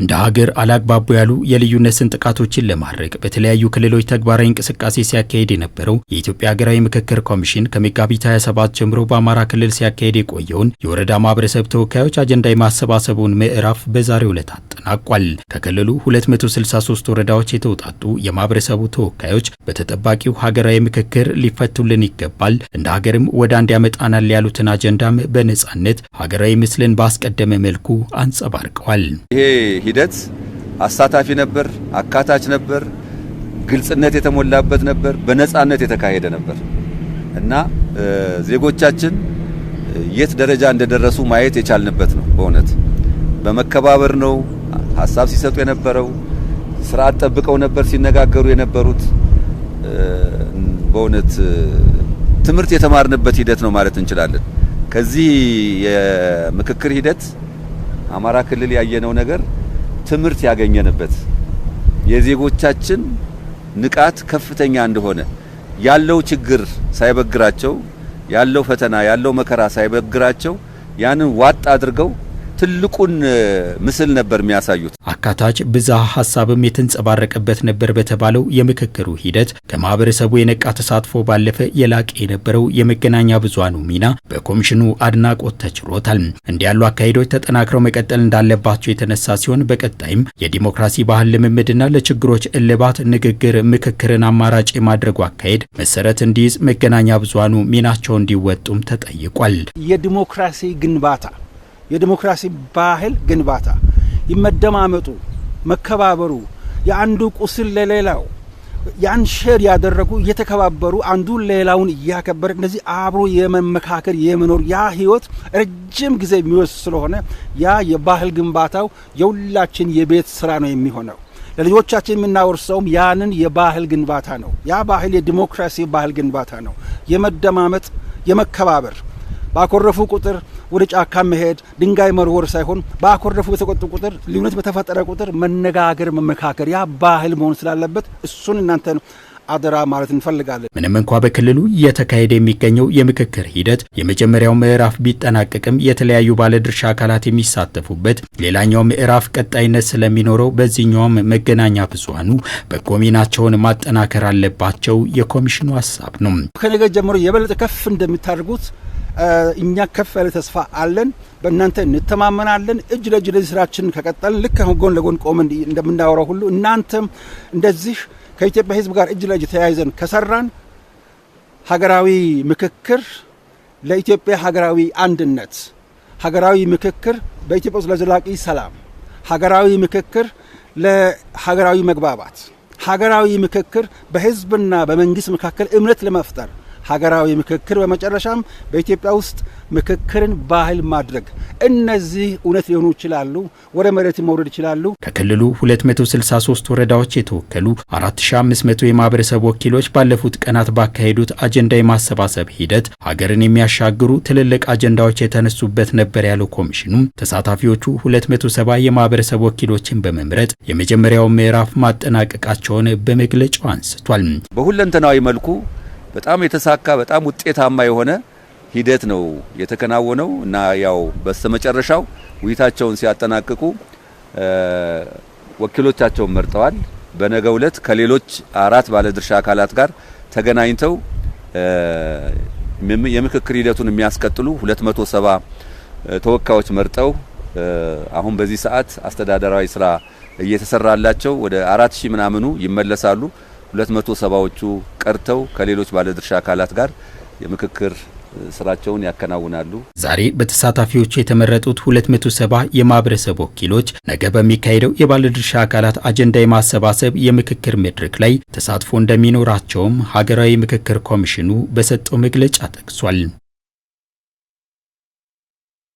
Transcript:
እንደ ሀገር አላግባቡ ያሉ የልዩነት ስም ጥቃቶችን ለማድረግ በተለያዩ ክልሎች ተግባራዊ እንቅስቃሴ ሲያካሄድ የነበረው የኢትዮጵያ ሀገራዊ ምክክር ኮሚሽን ከመጋቢት 27 ጀምሮ በአማራ ክልል ሲያካሄድ የቆየውን የወረዳ ማህበረሰብ ተወካዮች አጀንዳ የማሰባሰቡን ምዕራፍ በዛሬው ዕለት ተጠናቋል። ከክልሉ 263 ወረዳዎች የተውጣጡ የማህበረሰቡ ተወካዮች በተጠባቂው ሀገራዊ ምክክር ሊፈቱልን ይገባል፣ እንደ ሀገርም ወደ አንድ ያመጣናል ያሉትን አጀንዳም በነጻነት ሀገራዊ ምስልን ባስቀደመ መልኩ አንጸባርቀዋል። ይሄ ሂደት አሳታፊ ነበር፣ አካታች ነበር፣ ግልጽነት የተሞላበት ነበር፣ በነጻነት የተካሄደ ነበር እና ዜጎቻችን የት ደረጃ እንደደረሱ ማየት የቻልንበት ነው። በእውነት በመከባበር ነው። ሀሳብ ሲሰጡ የነበረው ስርዓት ጠብቀው ነበር ሲነጋገሩ የነበሩት። በእውነት ትምህርት የተማርንበት ሂደት ነው ማለት እንችላለን። ከዚህ የምክክር ሂደት አማራ ክልል ያየነው ነገር ትምህርት ያገኘንበት የዜጎቻችን ንቃት ከፍተኛ እንደሆነ ያለው ችግር ሳይበግራቸው ያለው ፈተና ያለው መከራ ሳይበግራቸው ያንን ዋጥ አድርገው ትልቁን ምስል ነበር የሚያሳዩት። አካታች ብዝሃ ሀሳብም የተንጸባረቀበት ነበር በተባለው የምክክሩ ሂደት ከማህበረሰቡ የነቃ ተሳትፎ ባለፈ የላቀ የነበረው የመገናኛ ብዙሃኑ ሚና በኮሚሽኑ አድናቆት ተችሮታል። እንዲህ ያሉ አካሄዶች ተጠናክረው መቀጠል እንዳለባቸው የተነሳ ሲሆን በቀጣይም የዲሞክራሲ ባህል ልምምድና ለችግሮች እልባት ንግግር፣ ምክክርን አማራጭ የማድረጉ አካሄድ መሰረት እንዲይዝ መገናኛ ብዙሃኑ ሚናቸው እንዲወጡም ተጠይቋል። የዲሞክራሲ ግንባታ የዲሞክራሲ ባህል ግንባታ ይመደማመጡ፣ መከባበሩ፣ የአንዱ ቁስል ለሌላው ያን ሼር ያደረጉ እየተከባበሩ አንዱ ሌላውን እያከበረ እነዚህ አብሮ የመመካከል የመኖር ያ ህይወት ረጅም ጊዜ የሚወስድ ስለሆነ ያ የባህል ግንባታው የሁላችን የቤት ስራ ነው የሚሆነው። ለልጆቻችን የምናወርሰውም ያንን የባህል ግንባታ ነው። ያ ባህል የዲሞክራሲ ባህል ግንባታ ነው። የመደማመጥ የመከባበር ባኮረፉ ቁጥር ወደ ጫካ መሄድ፣ ድንጋይ መርወር ሳይሆን በአኮረፉ በተቆጡ ቁጥር ልዩነት በተፈጠረ ቁጥር መነጋገር፣ መመካከር ያ ባህል መሆን ስላለበት እሱን እናንተ ነው አደራ ማለት እንፈልጋለን። ምንም እንኳ በክልሉ እየተካሄደ የሚገኘው የምክክር ሂደት የመጀመሪያው ምዕራፍ ቢጠናቀቅም የተለያዩ ባለድርሻ አካላት የሚሳተፉበት ሌላኛው ምዕራፍ ቀጣይነት ስለሚኖረው በዚህኛውም መገናኛ ብዙሃኑ በጎ ሚናቸውን ማጠናከር አለባቸው የኮሚሽኑ ሀሳብ ነው። ከነገ ጀምሮ የበለጠ ከፍ እንደሚታደርጉት እኛ ከፍ ያለ ተስፋ አለን። በእናንተ እንተማመናለን። እጅ ለእጅ ለዚህ ስራችን ከቀጠልን ልክ አሁን ጎን ለጎን ቆመን እንደምናወራው ሁሉ እናንተም እንደዚህ ከኢትዮጵያ ሕዝብ ጋር እጅ ለእጅ ተያይዘን ከሰራን ሀገራዊ ምክክር ለኢትዮጵያ ሀገራዊ አንድነት፣ ሀገራዊ ምክክር በኢትዮጵያ ውስጥ ለዘላቂ ሰላም፣ ሀገራዊ ምክክር ለሀገራዊ መግባባት፣ ሀገራዊ ምክክር በህዝብና በመንግስት መካከል እምነት ለመፍጠር ሀገራዊ ምክክር፣ በመጨረሻም በኢትዮጵያ ውስጥ ምክክርን ባህል ማድረግ። እነዚህ እውነት ሊሆኑ ይችላሉ፣ ወደ መሬት መውረድ ይችላሉ። ከክልሉ 263 ወረዳዎች የተወከሉ 4500 የማህበረሰብ ወኪሎች ባለፉት ቀናት ባካሄዱት አጀንዳ የማሰባሰብ ሂደት ሀገርን የሚያሻግሩ ትልልቅ አጀንዳዎች የተነሱበት ነበር ያለው ኮሚሽኑም ተሳታፊዎቹ 270 የማህበረሰብ ወኪሎችን በመምረጥ የመጀመሪያው ምዕራፍ ማጠናቀቃቸውን በመግለጫው አንስቷል። በሁለንተናዊ መልኩ በጣም የተሳካ በጣም ውጤታማ የሆነ ሂደት ነው የተከናወነው እና ያው በስተመጨረሻው ውይይታቸውን ሲያጠናቅቁ ወኪሎቻቸውን መርጠዋል። በነገው ዕለት ከሌሎች አራት ባለድርሻ አካላት ጋር ተገናኝተው የምክክር ሂደቱን የሚያስቀጥሉ 270 ተወካዮች መርጠው አሁን በዚህ ሰዓት አስተዳደራዊ ስራ እየተሰራላቸው ወደ አራት ሺህ ምናምኑ ይመለሳሉ። ሁለት መቶ ሰባዎቹ ቀርተው ከሌሎች ባለድርሻ አካላት ጋር የምክክር ስራቸውን ያከናውናሉ። ዛሬ በተሳታፊዎቹ የተመረጡት 270 የማህበረሰብ ወኪሎች ነገ በሚካሄደው የባለድርሻ አካላት አጀንዳ የማሰባሰብ የምክክር መድረክ ላይ ተሳትፎ እንደሚኖራቸውም ሀገራዊ ምክክር ኮሚሽኑ በሰጠው መግለጫ ጠቅሷል።